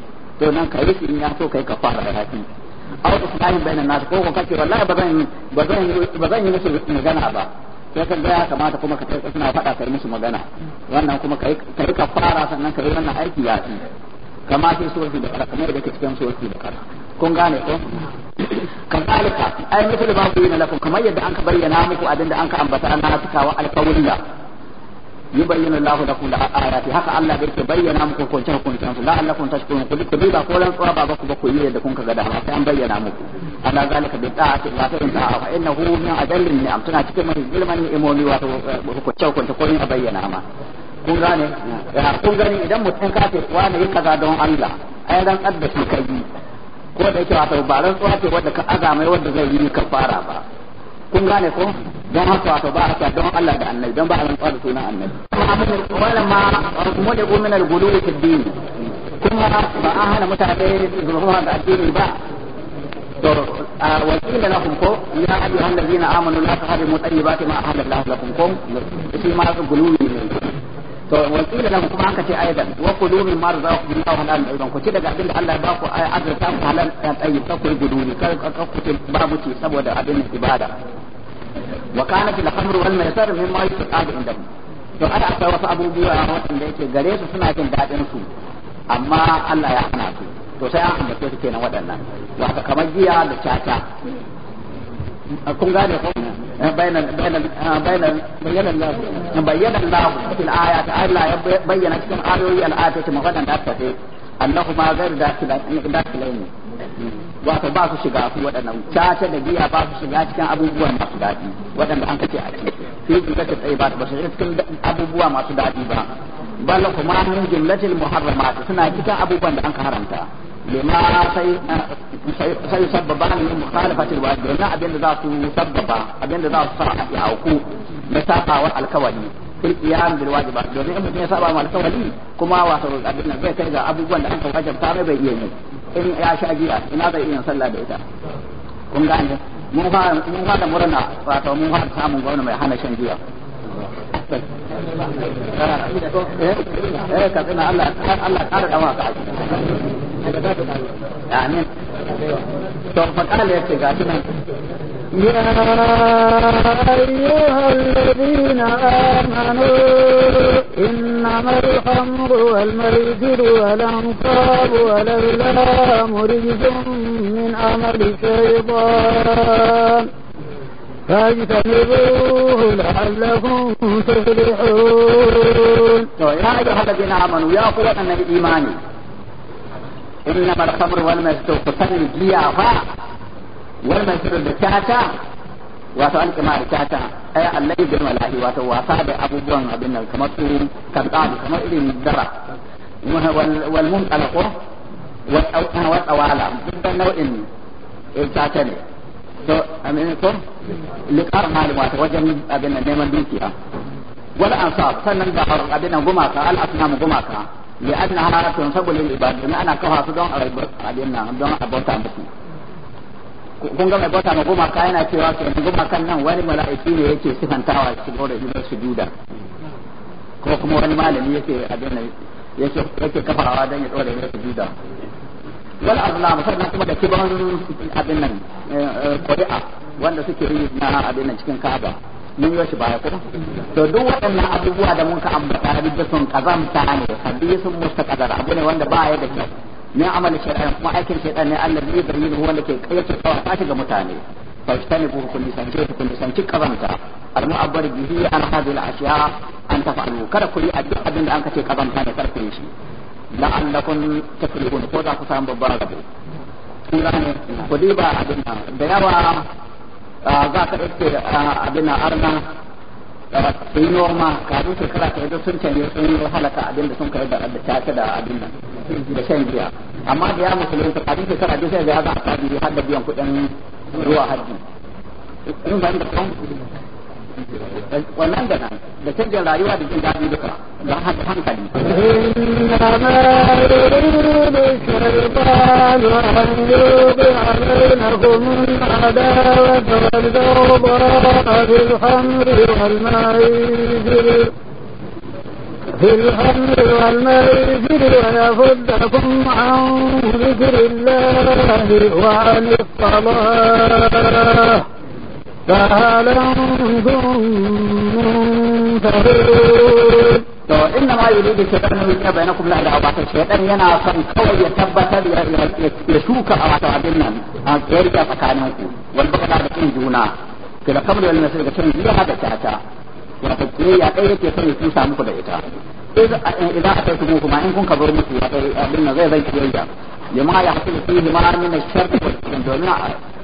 to nan ka yi in ya so kai ka fara da haƙi aw islahin bainan nas ko ko kace wallahi bazan bazan yi musu magana ba sai ka ga ya kamata kuma ka tsaya suna faɗa kai musu magana wannan kuma kai kai ka fara sannan kai wannan aiki ya ci kama ce sofi da kara kamar da ke cikin sofi da kara kun gane ko kazalika ay mithlu ma bayyana lakum kamar yadda an ka bayyana muku abinda an ka ambata na tukawa alqawliya yubayyinu Allahu lakum ayati haka Allah bai yake bayyana muku kunce kuncen su la'allakum tashkurun ku duk ba ko ran tsawa ba ku ba ku yi da kun kaga da sai an bayyana muku ana zalika bi ta'ati wa ta'in ta'a fa innahu min ajallin ni'am tana cikin mai girman ni'imomi wato cewa eh, kunta ko a bayyana ma kun gane Ya kun gani idan mutum ka ce wani yi kaza don Allah ai ran kaddashi kai ko da yake wato ba ran tsawa ce wanda ka azama wanda zai yi kafara ba kun gane ko don haka wato ba a don Allah da annabi don ba a rantsuwa da sunan annabi wala ma mu da gumin al-gulul fi din kuma ba a hana mutane zuwa da addini ba to wakila lakum ko ya ayyuhal ladina amanu la tahrimu tayyibati ma ahalla Allah lakum ko shi ma gulul to wakila lahu kuma anka ce aidan wa kulu min ma razaqakum Allahu aidan ku ci daga abin da Allah ya baku ai azrata ku halal ya tayyib ka ku guduri kar ka ku ce babu ci saboda abin ibada wa kana fil khamr wal maisar mimma yusadu indahum to ai akwai wasu abubuwa wanda yake gare su suna jin dadin su amma Allah ya hana su to sai an ambace su kenan waɗannan wato kamar giya da caca kun gane ko bayanan bayanan bayanan Allah bayanan Allah ya bayyana cikin ayoyi al'ata ta mafadan da wato ba su shiga su waɗannan da giya ba su shiga cikin abubuwan masu daɗi waɗanda an kace a ciki fi ba su shiga cikin abubuwa masu daɗi ba bal kuma min muharramat suna cikin abubuwan da an haramta lima sai sababa min mukhalafati alwa'd domin abin da za su sababa abin da za su sa ya auku na sabawar alkawari fil qiyam bil wajibat domin in mutum ya saba ma alkawari kuma wato abin nan bai kai ga abubuwan da an kawo wajabta mai bai iya yi in ya sha giya ina zai iya da ita mun samun gwamna mai hana shan إيه؟ إيه، يا أيها الذين آمنوا إنما الخمر والميسر والأنصاب والأزلام رجس من عمل الشيطان فاجتنبوه لعلكم تفلحون يا ايها الذين امنوا يا قلنا من انما الخمر والمسجد قتل الضيافة والمسجد البكاتا وسؤالك ما ركاتا اي الذي بالملاهي وتوافى ابو بن ابن الكمطين كبقاد كمطين الدرى والمنطلق والاوطان والاوالا ضد النوع التاتني to amin to liqar mali wata wajen abin neman dukiya wal ansab sannan abin nan gumaka al asnam gumaka li anna haratun sabulil ibad ana kafa su don abin nan don abota musu kun ga mai bauta gumaka yana cewa ke gumakan nan wani mala'iki ne yake sifantawa shi gore shi ko kuma wani malami yake abin nan yake kafawa don ya dore ne juda والأظلام sannan kuma da kiban abin nan ƙuri'a wanda suke yi na abin nan cikin Ka'aba mun yi shi baya ko to duk waɗannan abubuwa da mun ka ambata hadisun kazamta ne hadisun mustaqadar abu ne wanda ba ya da kyau ne amal shari'a kuma aikin shari'a ne Allah bai bayyana wanda ke kayyata kawai ta ga mutane فاجتنبوه كل سنة كل سنة كظمتا المعبر به عن هذه الأشياء أن تفعلوا كركلي أدب أبن أنك تكظمتا كركلي شيء la'allakum tafrihun ko za ku samu babban rabo kun ne ku diba abin nan da yawa za ka ɗauke abin nan arna su yi noma kafin shekara ta yanzu sun canje sun yi halaka abin da sun kai da tace da abin nan da shan giya amma da ya musulun ta kafin shekara ta sai da ya za a tabi har da biyan kuɗin ruwa hajji in ba da kan wannan da nan da canjin rayuwa da jin daɗi duka da hankali. Inna ma yuridu shaytanu an yubi alaynakum adawata wal dawba'a fil hamri wal maisir في الأمر والميسر ويصدكم عن ذكر الله وعن الصلاة فهل انتم منتهون to inna ma yuridu shaytanu yuqa bainakum la ilaha illa shaytan yana son kawai ya tabbatar ya shuka a wata abin nan a kiyarka tsakanin ku wal bakala da kin juna to da kamar wannan sai ga cin biya hada tata ya ta ke ya kai yake son ya tusa muku da ita idan aka tumu kuma in kun kabar muku ya kai abin nan zai zai kiyarka jama'a ya hasu fihi ma min ash-shart wal domin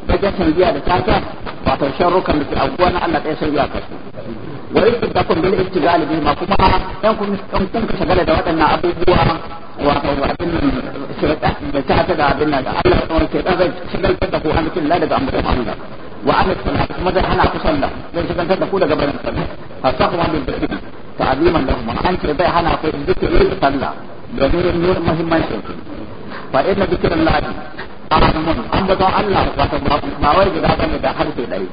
bagancin giya da tata wato sharrukan da ke abuwa na Allah ɗaya sai ya kasu wa yadda da kun bil ibtigal bi ma kuma dan kun dan ka shagala da waɗannan abubuwa wato abin shirka da tata da abin nan da Allah ya wanke dan zai shagaltar da ku an kin la daga amrin Allah wa amal salat kuma zai hana ku sallah zai shagaltar da ku daga barin sallah fasahu bil dhikri ta'ziman lahum an ce zai hana ku dhikri sallah domin muhimmancin fa inna dhikrullahi alamun an da don Allah wato ba wai guda bane da harshe ɗari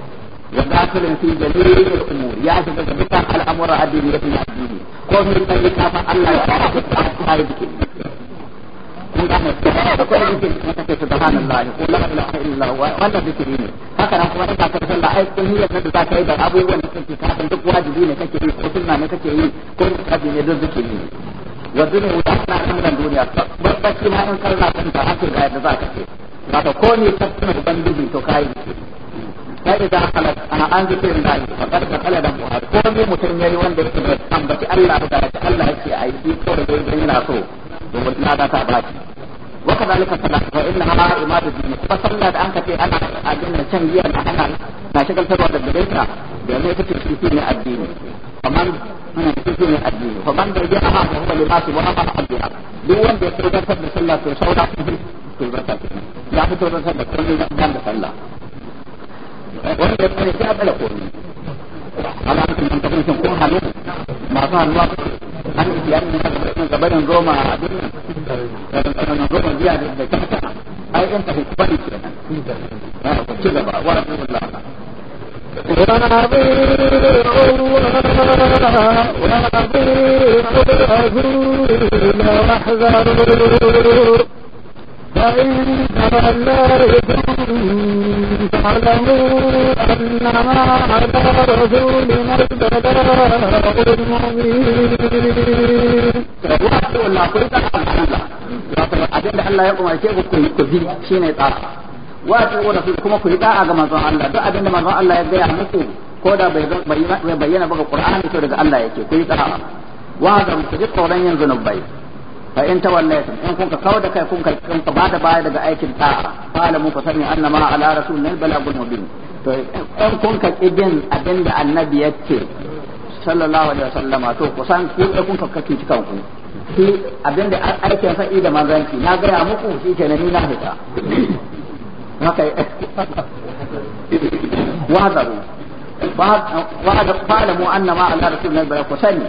ya dakirin fi jami'il umur ya shiga ga dukkan al'amura addini ya fi addini ko min kai kafa Allah ya ta ta ta yi bikin kun ga mai tsara da kuma bikin na ce subhanallahi ko la ilaha illa huwa wanda zikiri ne haka nan kuma ina kan sallah ai kun hiyar da zaka yi da abubuwan da kake kafin duk wajibi ne kake yi ko sunna ne kake yi ko ka kabi ne duk zikiri ne wa ne wuta ana kan duniya babbaci ma in sallah kan ta haka da za ka ce wato ko ni ta tuna ubangiji to kai yi. za khalat ana an zikirin da fa kad ka kala da mu ko ni mutum yayi wanda yake da tambaci Allah da Allah yake aiki ko da yana so to na da ta baki وكذلك الصلاة وإنها عماد الدين kuma sallah da an ka ce ana addinin can giya na hana na shagaltarwa da gare ta domin ita ce shi ne addini kamar ana shi ne addini kamar da ya ha da huwa limasu wa ma hadiya duk wanda ya tsoratar da sallah to saura ku ku barka ya fito da sallah kullum da sallah wanda ya tsare sai a tsala komai الوقت فی قبل کده بقی منٹ ما روزانہ آئی کم کہنا کچھ فإنما الله تعلموا أنما على رسولنا البلاء المبين wato abin da Allah ya umarce ku ku ku bi shine tsara wato wanda kuma ku yi da'a ga manzon Allah duk abin da manzon Allah ya gaya muku ko da bai bayyana ba ga Qur'ani to daga Allah yake ku yi da'a wa ga ku ji tsoron yin zunubai fa in tawallaytum in kun ka kawo da kai kun ka kun ka bada baya daga aikin ta qala mu fasani annama ala rasulina balagul mubin to in kun ka kidin abinda annabi yace sallallahu alaihi wasallama to ku san ku da kun ka kake cikan ku shi abinda aikin sa'i da manzanci na gaya muku shi kenan ni na hita haka wazaru ba ba da falamu annama ala rasulina balagul mubin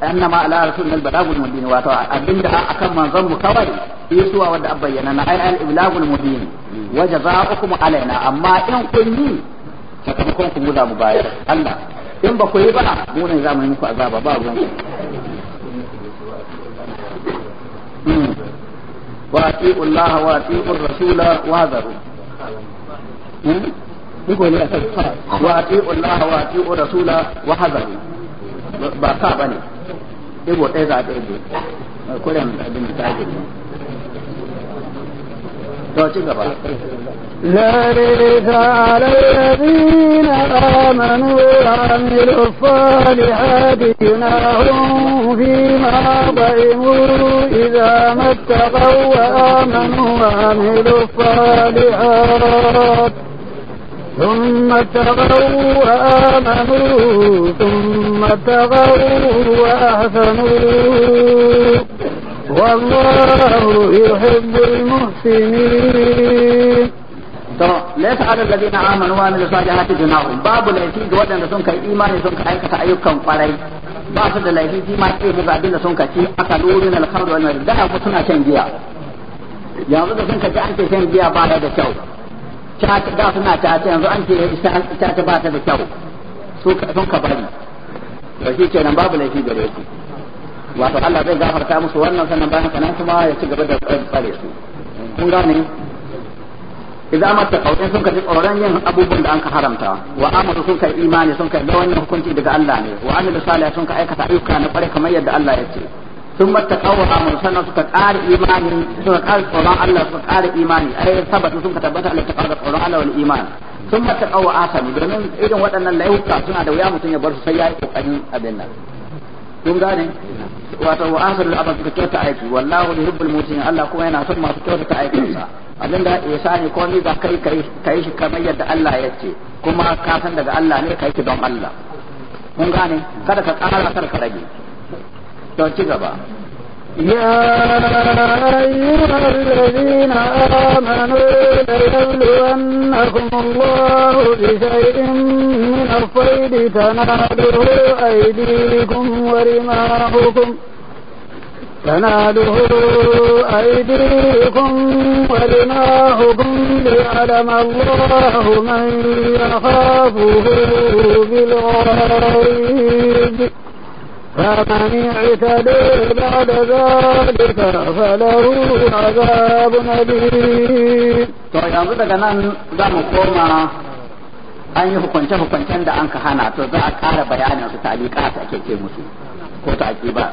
annama ala rasulil balagul mubin wato abinda akan manzon mu kawai yesuwa wanda an bayyana na ai al iblagul mubin wa jazaa'ukum alaina amma in kun yi sakamakon ku za mu bayar Allah in ba ku yi ba mu ne za mu yi muku azaba ba ruwan wa ati'u Allah wa ati'u rasula wa zaru wa ati'u Allah wa ati'u rasula wa hazaru ba ka bane يبغوا ايه بعد ايه كلهم متعددين ذلك على الذين آمنوا وعملوا الصالحات جناهم فيما طعموا إذا ما اتقوا وآمنوا وعملوا الصالحات ثم اتقوا وآمنوا ثم ثم اتقوا وأحسنوا والله يحب المحسنين wa amilu babu laifi ga wadanda imani aikata ayyukan kwarai ba su da laifi ta yanzu bari to shi kenan babu laifi gare su wato Allah zai gafarta musu wannan sannan bayan sanan kuma ya ci gaba da tsare su kun gane idan ma ta sun tsoron yin abubuwan da anka haramta wa amanu sun kai imani sun kai da wannan hukunci daga Allah ne wa amilu sun aikata ayyuka na kware kamar yadda Allah ya ce sun kawo amur sannan suka ƙara imani suka ƙara tsoron Allah suka ƙara imani ai tabbata sun ka tabbata Allah ta ƙara tsoron Allah wal imani sun mata kawo domin irin waɗannan layuka suna da wuya mutum ya bar su sai ya yi ƙoƙarin abin nan kun gane wato wa asirul abin suka kyauta aiki wallahu yuhibbul mutinin Allah kuma yana son masu kyauta aikin sa abin da ya sani ko ni za kai kai shi kamar yadda Allah ya ce kuma ka san daga Allah ne kai yi don Allah kun gane kada ka ƙara kar ka rage don ci gaba يا أيها الذين آمنوا ليبلونكم الله بشيء من الصيد تناله أيديكم ورماحكم تناله أيديكم ورماحكم ليعلم الله من يخافه بالغيب فمن اعتدى بعد ذلك فله عذاب أليم to yanzu daga nan za mu koma an yi hukunce-hukuncen da an ka hana to za a ƙara bayanin su ta'alika ta ake ce musu ko ta ake ba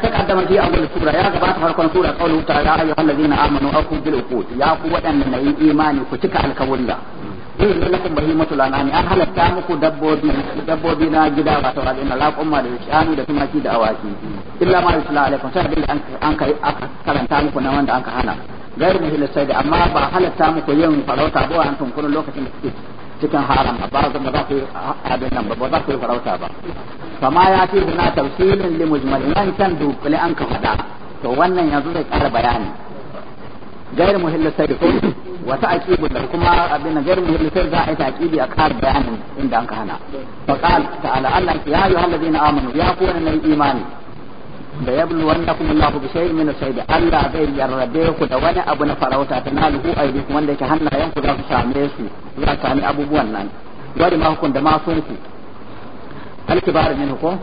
ta kaddama fi awwal sura ya gabata farkon sura qawlu ta'ala zina amanu aqu bil uqud ya ku waɗanda nayi imani ku cika alkawulla yuzu lakum bahimatul anami an halatta muku dabbobi dabbobi na gida wato alina laqumma da shanu da tumaki da awaki illa ma yusla alaikum sai da an kai aka karanta muku na wanda aka hana gairu muhil sai da amma ba halatta muku yin farauta ba an tunkuru lokacin da kuke cikin haram ba za ba za ku abin nan ba ba za ku yi farauta ba kama ya ce huna tafsilin limujmal nan kan dukule an ka faɗa to wannan yanzu zai ƙara bayani gairu muhallin sayar wa ta'aqibu da kuma abin gairu muhallin sayar za a yi ta'aqibi a kar bayanin inda an ka hana fa qala ta'ala Allah ya ayyuhal na amanu ya ku wannan imani da yabluwannakum Allahu bi shay'in min as-sayd Allah zai yarrabe ku da wani abu na farauta ta naluhu aydikum wanda yake hannayen ku za su same su za su sami abubuwan nan wari ma da ma sun ku alkibar min ko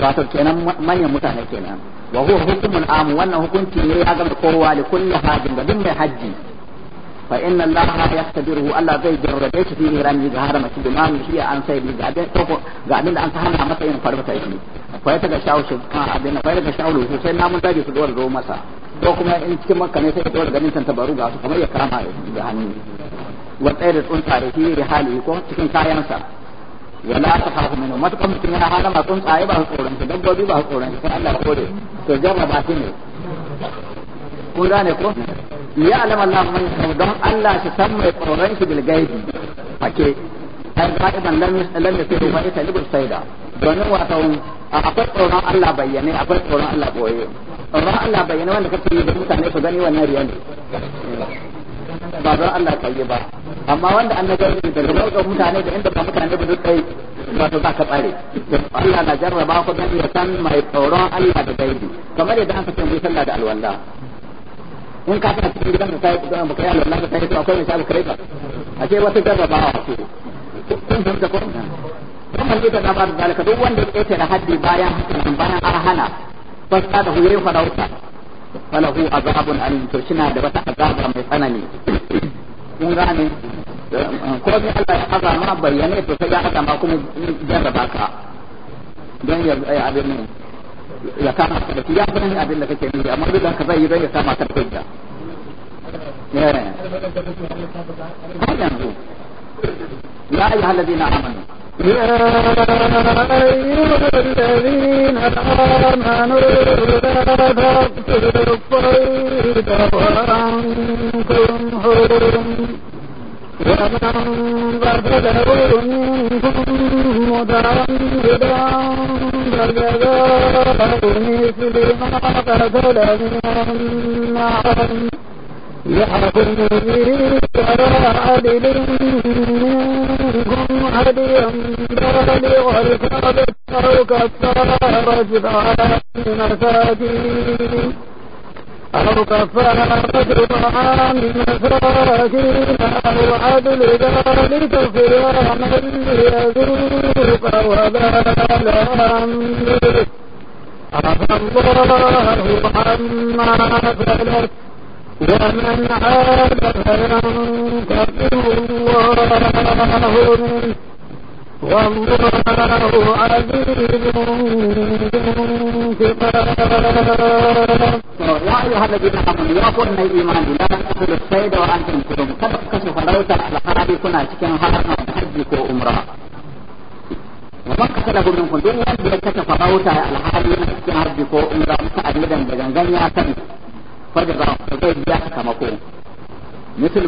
wato kenan manyan mutane kenan wa huwa hukmun am wannan hukunci ne ya gama kowa da kullu hajin ga duk mai haji fa inna allaha yaqdiruhu zai jarrabe shi fi ihrami ga harama shi bima shi an sai ko ga abin da an hana masa yin farfata shi fa sai namun daji su dole zo masa ko kuma cikin hannu da tsuntsa hali ko cikin kayansa wala ta hafu minu matukan mutum yana hana masu tsaye ba su tsoron su dabbobi ba su tsoron su Allah ya kore to jama ba shi ne kun gane ko ya alama Allah man don Allah shi san mai tsoron shi bil gaibi fake har ga ga'iban lam lam yasiru fa ita libul saida domin wato akwai tsoron Allah bayyane akwai tsoron Allah boye tsoron Allah bayyane wanda kake yi da mutane su gani wannan riya ba zan Allah yi ba amma wanda an nazar da daga nau'in mutane da inda ba mutane ba duk kai to za ka tsare Allah na jarraba ku dan ya san mai tsoron Allah da gaibi kamar yadda aka ce mu sallah da alwala in ka ta cikin gidan da sai da mu kai alwala da sai to akwai misali kai ba a ce wata jarrabawa ku kun san ta ko kuma ne ta da ba da duk wanda ya tsaya haddi bayan bayan arhana fasta da huye farauta falahu azabun alim to shina da wata azaba mai tsanani kun gane ko ni Allah ya azama bayyane to sai ya azama kuma jarraba ka don ya eh, abin ne ya kama ka da ya bani abin da kake nufi amma bidan ka zai don ya kama ka da hujja eh yanzu ya ayyuhal ladina amanu يا أيها الذين آمنوا لا تقتلوا الصيد وأنتم حرم ومن قتله منكم متعمدا فجزاء مثل ما قتل من النعم يحكم ترى عدل منكم هديا بالغ الكعبة أو كفارة طعام مساكين أو كفارة طعام مساكين أو عدل ذلك صياما ليذوق وبال أمره عفى الله عما سلف ومن عاد فينتقم الله منه والله عزيز بانتقام يا أيها الذين آمنوا يا قوم الإيمان لا تأكلوا الصيد وأنتم تنكرون قد كشف لوتا لحالي كنا شكين حرم حج وعمرة ومن قتله منكم دون أن يكشف لوتا لحالي كنا شكين حج وعمرة متعددا بجنزان يا سبيل fargabawa ka zai biya ka kamako mutum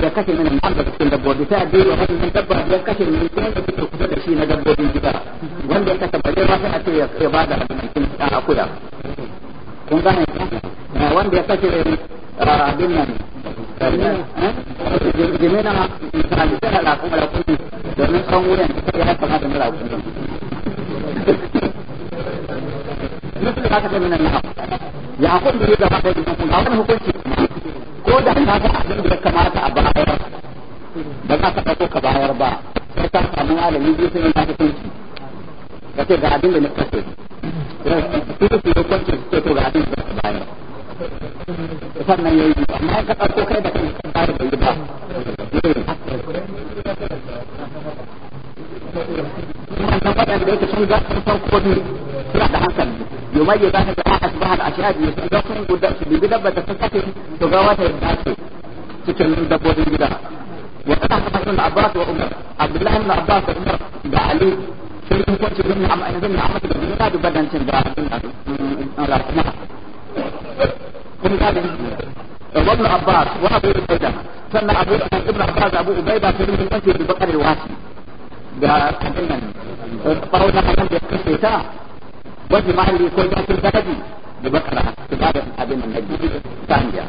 da kashe mini ma'amda cikin dabbobi ta biyu da wani dabba biyar kashe mini kuma da suke gida wanda ya kashe bare a ce ya ba da abin da kin a kuya eh, wanda ya kashe eh, abin nan eh, jimina ma misali wuyan ya kama da mura kuma mutum za ka zama nan ya akwai da yi gaba ko jikin kuma wani hukunci ko da na ga abin da ya kamata a bayar ba za ka ɗauko ka bayar ba sai ka samu alami biyu sai na hukunci ka ce ga abin da na kace su su yi hukunci ce to ga abin da ka bayar sannan ya yi amma ka ɗauko kai da kai ka bayar da yi ba المنظمة اللي بقيت الشام ده كان قوة منه راح ده حسن يميز هذا الأحد بعض أشياء يسلسل ودرس بيبدا بتفكر تجاوز الدعسي تكلم دبوز بيبدا وقتها طبعا ابن عباس وعمر عبد الله بن عباس وعمر ده علي شيء كنت ضمن عم انا ضمن عمك ده بيبدا بدا انت ده لا لا كل هذا وابن عباس وابو عبيده سمع ابو ابن عباس ابو عبيده في المنتج ببقر الواسي بها كبيرا الطاولة كمان بيكون في ساعة والجماعة اللي يكون في البلدي ببكرة كبار أبين النجدي ثانية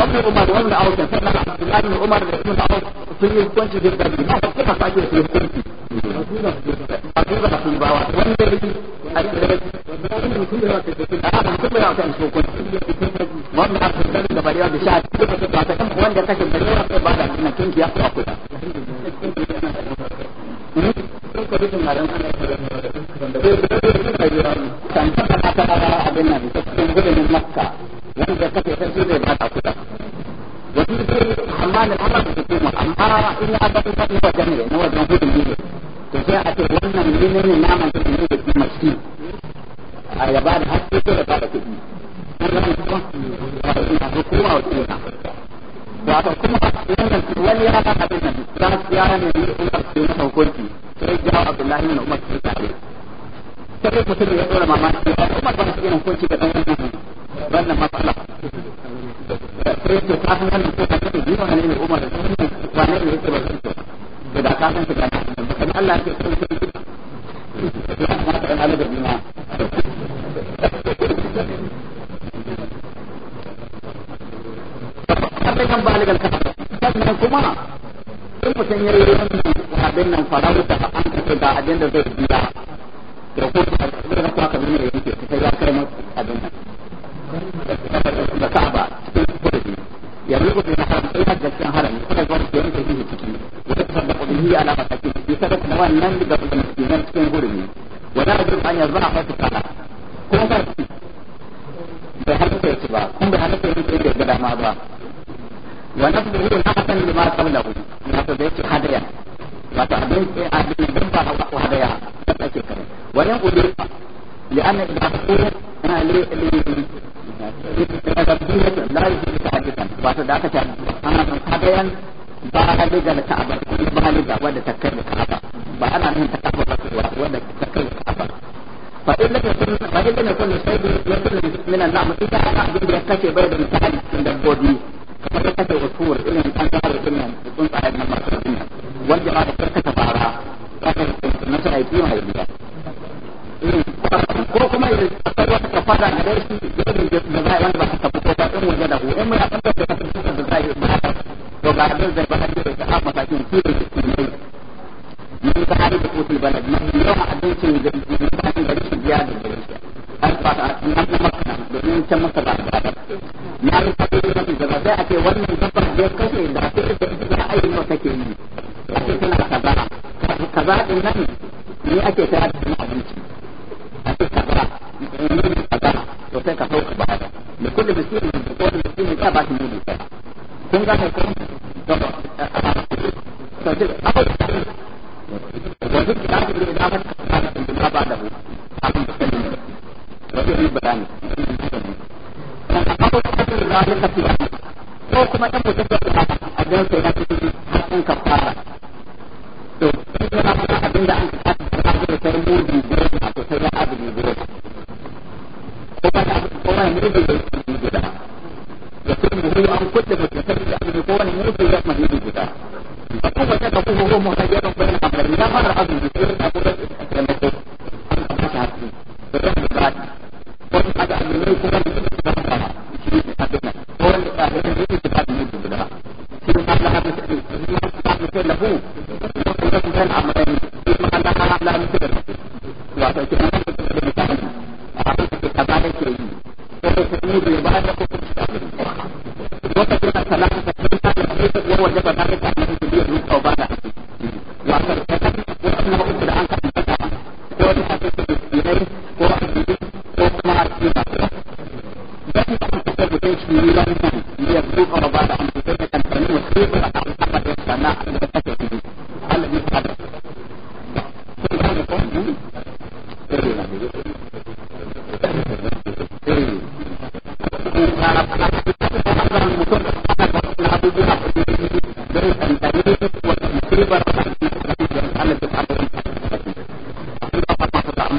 ابن عمر وابن عوف كان عبد الله بن عمر بن عوف في كنت في البلدي ما هو كيف فاجئ في كنت حقيقة في الباوة والنبي الثلاث من كل يعطي في كنت ومن عبد الله بن من بشاهد كيف تتعتكم وان يكشف من بعد أن كنت يقرأ كلها ini itu itu kemarin tanpa kata-kata abenan tertumbuh dengan Makkah yang dekat itu sudah mata kita jadi itu amal dan amal itu cuma amal ini apa tempat nuwat jamil nuwat jamil itu jadi ada warna ini nama itu ini itu masjid ayat hati itu lepas itu Nah, hukum atau tidak? wato kuma wannan wani ya ba abin nan ya ya ne Umar ke masa hukunci sai jawo Abdullahi bin Umar ke tare sai mutum ya dora mamaki ya Umar ba shi hukunci da dan wannan wannan matsala sai ya ta san wannan ko ta ji wannan ne Umar ba ne ne ba shi to da ka san ka dan Allah ya ce sai ya ma ta alaba bina baligan baligan kasa sannan kuma in mutum ya yi wani abin nan da an kace ga abin da zai biya da ko zai rasa ka nuna yanke ta ya kai mu abin nan da ka'aba cikin kurdi ya rubu da haram sai da cikin haram kuma ga wanda yanke shi ciki wanda ta da kudi ala mataki shi sadaka da wannan da ga mutum cikin kurdi wala da an ya zaha fa ta kuma ba da halatta ba kun da halatta yake da dama ba wa nafsuhu nafsan lima hadaya wato abin abin da ba a hadaya da take kare wa yan uri li na idha qila ana la wato da aka ana hadayan ba ba wanda ta kai ba ana nan ta ba wanda ta kai fa in fa in min ana abin da ya kace bai da misali dabbobi 他这个我是错误的。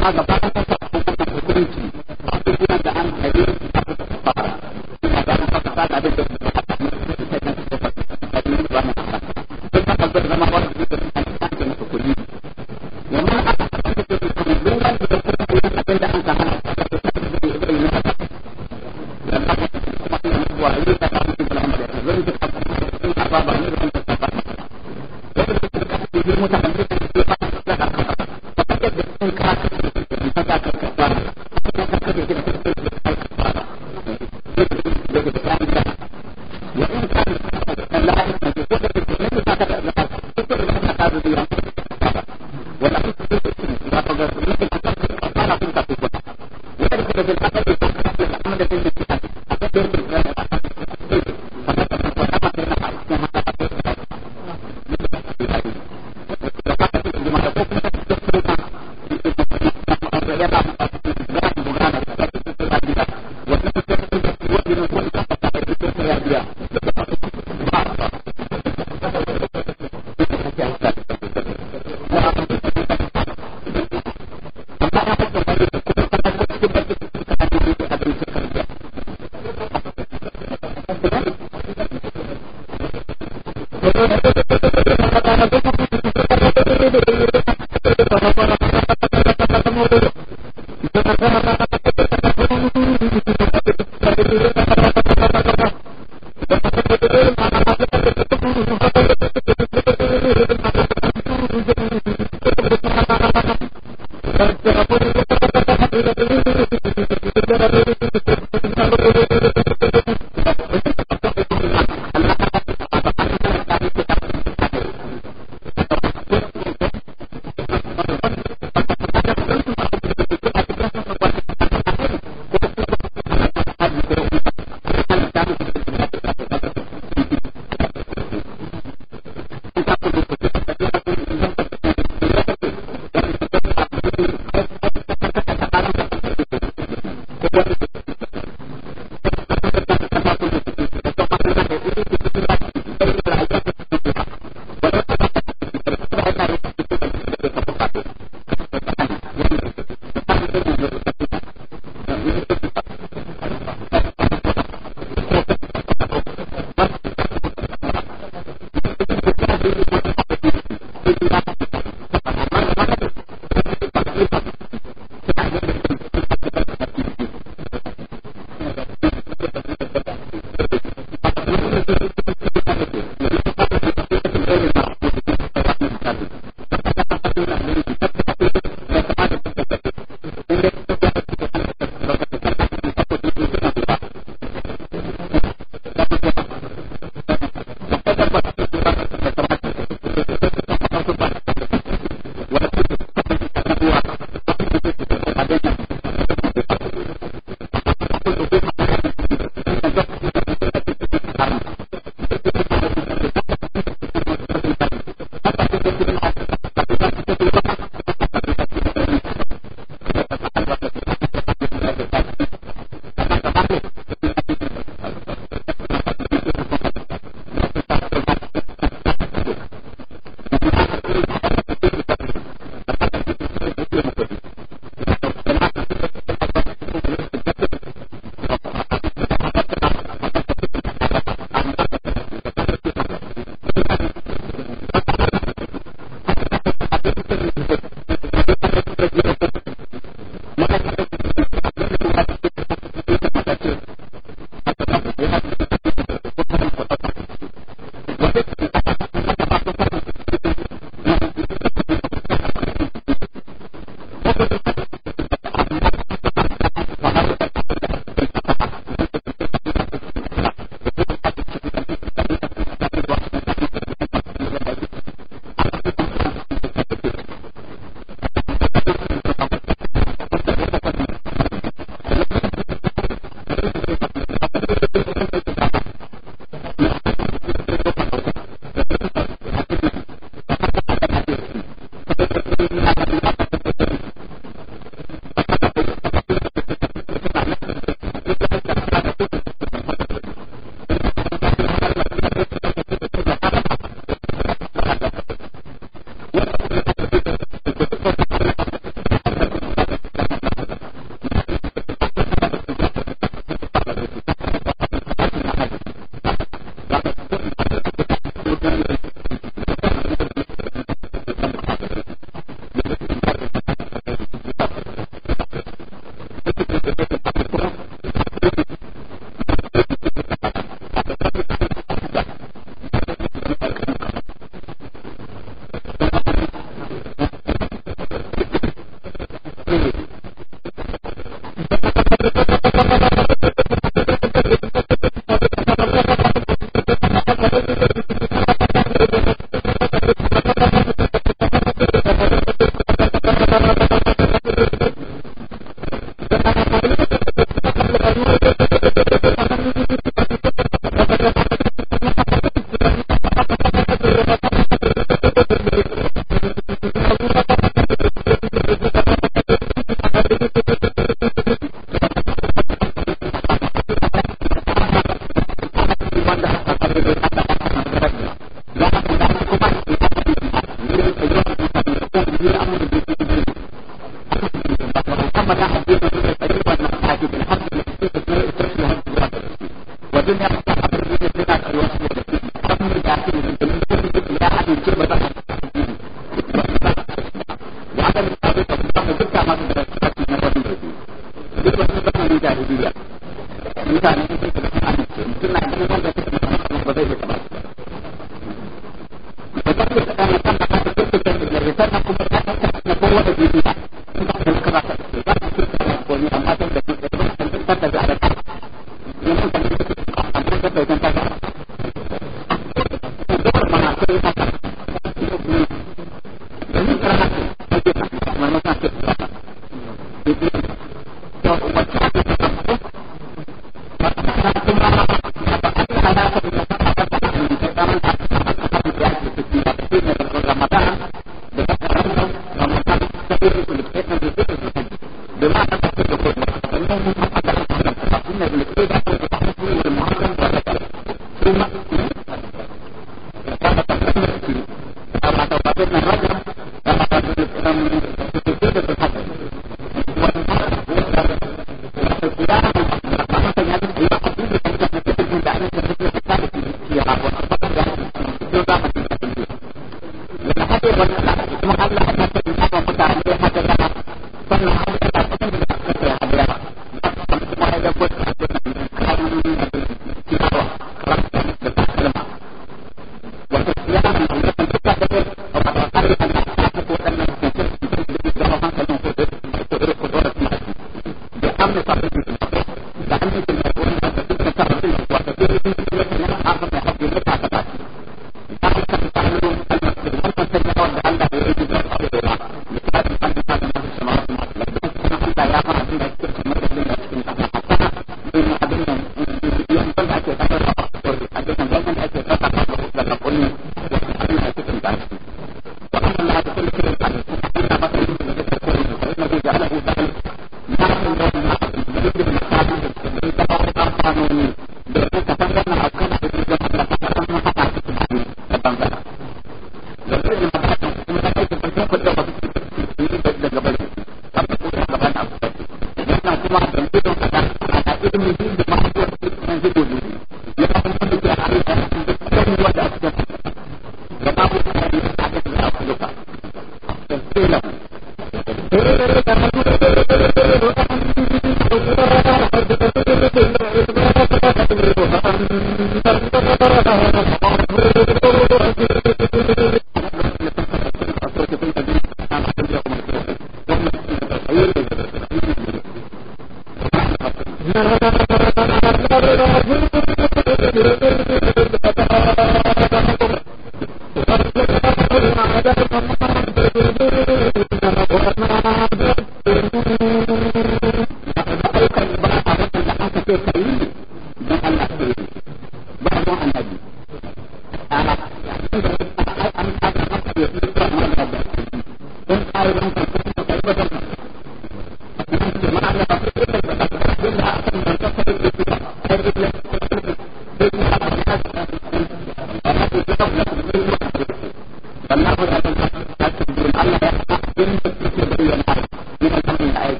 Maga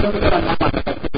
ہندو گڑھ میں مت کرتے ہیں